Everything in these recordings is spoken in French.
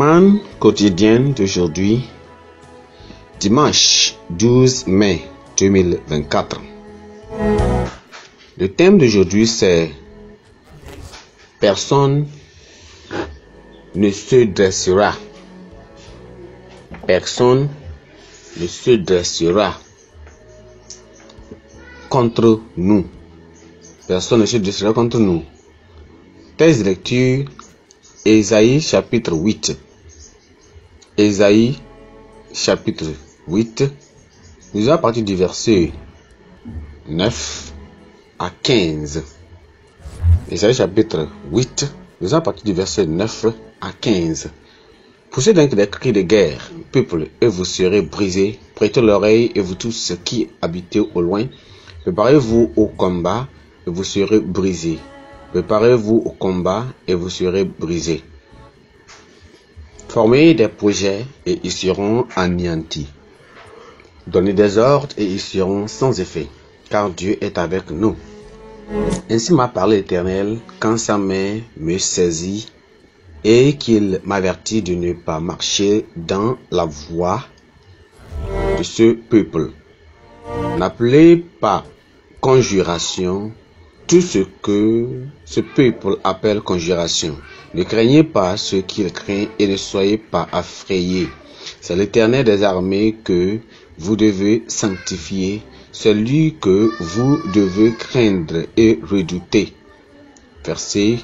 Man quotidienne d'aujourd'hui, dimanche 12 mai 2024. Le thème d'aujourd'hui c'est Personne ne se dressera. Personne ne se dressera contre nous. Personne ne se dressera contre nous. Thèse lecture, Ésaïe chapitre 8. Ésaïe chapitre 8, nous allons partir du verset 9 à 15. Ésaïe chapitre 8, nous allons partir du verset 9 à 15. Poussez donc des cris de guerre, peuple, et vous serez brisés. Prêtez l'oreille, et vous tous ceux qui habitez au loin. Préparez-vous au combat, et vous serez brisés. Préparez-vous au combat, et vous serez brisés. Formez des projets et ils seront anéantis. Donnez des ordres et ils seront sans effet, car Dieu est avec nous. Ainsi m'a parlé l'Éternel quand sa main me saisit et qu'il m'avertit de ne pas marcher dans la voie de ce peuple. N'appelez pas conjuration tout ce que ce peuple appelle conjuration. Ne craignez pas ce qu'il craint et ne soyez pas affrayés. C'est l'Éternel des armées que vous devez sanctifier, celui que vous devez craindre et redouter. Verset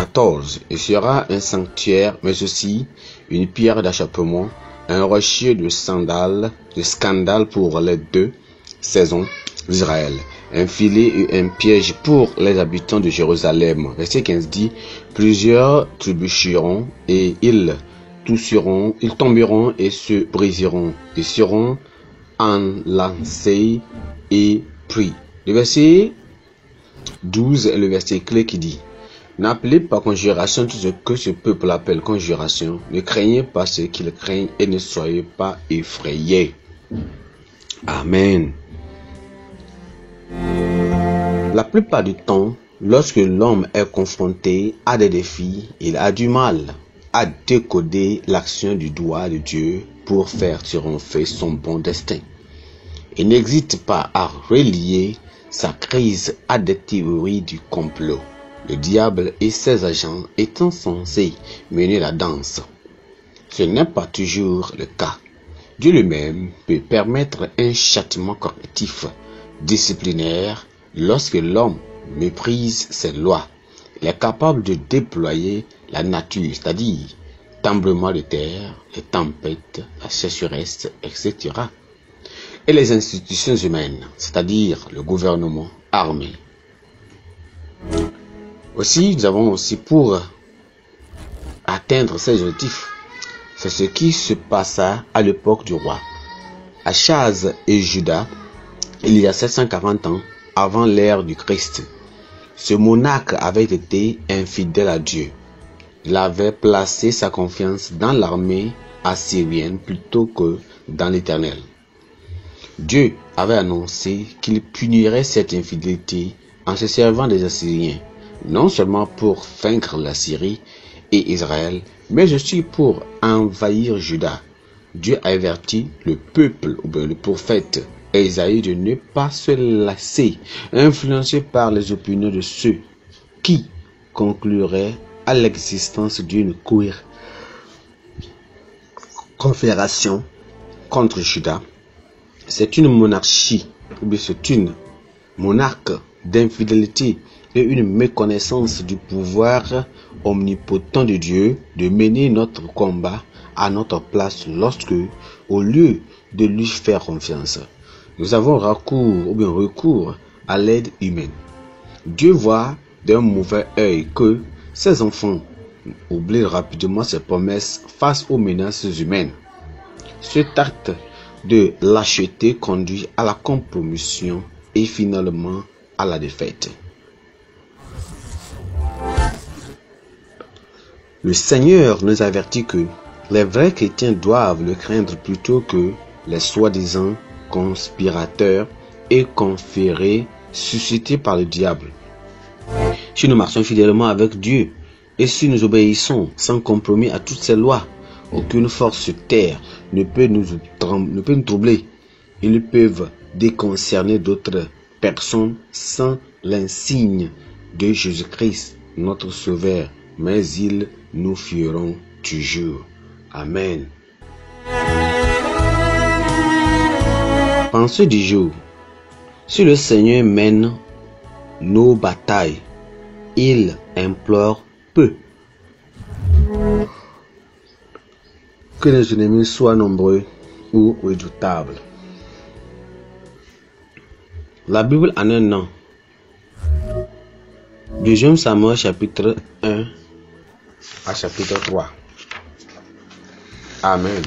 14. Il sera un sanctuaire, mais aussi une pierre d'achappement, un rocher de sandales, de scandale pour les deux saisons d'Israël un filet et un piège pour les habitants de Jérusalem. Verset 15 dit, plusieurs trébucheront et ils ils tomberont et se briseront, et seront enlancés et pris. Le verset 12 est le verset clé qui dit, N'appelez pas conjuration tout ce que ce peuple appelle conjuration. Ne craignez pas ce qu'ils craignent et ne soyez pas effrayés. Amen. La plupart du temps, lorsque l'homme est confronté à des défis, il a du mal à décoder l'action du doigt de Dieu pour faire triompher son bon destin. Il n'hésite pas à relier sa crise à des théories du complot. Le diable et ses agents étant censés mener la danse. Ce n'est pas toujours le cas. Dieu lui-même peut permettre un châtiment correctif, disciplinaire, Lorsque l'homme méprise ses lois, il est capable de déployer la nature, c'est-à-dire tremblement de terre, les tempêtes, la sécheresse, etc. Et les institutions humaines, c'est-à-dire le gouvernement armé. Aussi, nous avons aussi pour atteindre ces objectifs, c'est ce qui se passa à l'époque du roi Achaz et Judas, il y a 740 ans, avant l'ère du Christ. Ce monarque avait été infidèle à Dieu. Il avait placé sa confiance dans l'armée assyrienne plutôt que dans l'Éternel. Dieu avait annoncé qu'il punirait cette infidélité en se servant des Assyriens, non seulement pour vaincre la Syrie et Israël, mais aussi pour envahir Juda. Dieu a averti le peuple, ou le prophète, Esaïe de ne pas se lasser, influencé par les opinions de ceux qui concluraient à l'existence d'une confédération contre judas C'est une monarchie, c'est une monarque d'infidélité et une méconnaissance du pouvoir omnipotent de Dieu de mener notre combat à notre place lorsque, au lieu de lui faire confiance, nous avons recours ou bien recours à l'aide humaine. Dieu voit d'un mauvais œil que ses enfants oublient rapidement ses promesses face aux menaces humaines. Ce acte de lâcheté conduit à la compromission et finalement à la défaite. Le Seigneur nous avertit que les vrais chrétiens doivent le craindre plutôt que les soi-disant conspirateur et conféré, suscités par le diable. Si nous marchons fidèlement avec Dieu et si nous obéissons sans compromis à toutes ses lois, aucune force terre ne peut nous, ne peut nous troubler. Ils peuvent déconcerner d'autres personnes sans l'insigne de Jésus-Christ, notre Sauveur, mais ils nous fuiront toujours. Amen. ce du jour. Si le Seigneur mène nos batailles, il implore peu. Que les ennemis soient nombreux ou redoutables. La Bible en un an. Deuxième Samuel chapitre 1 à chapitre 3. Amen.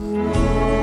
you.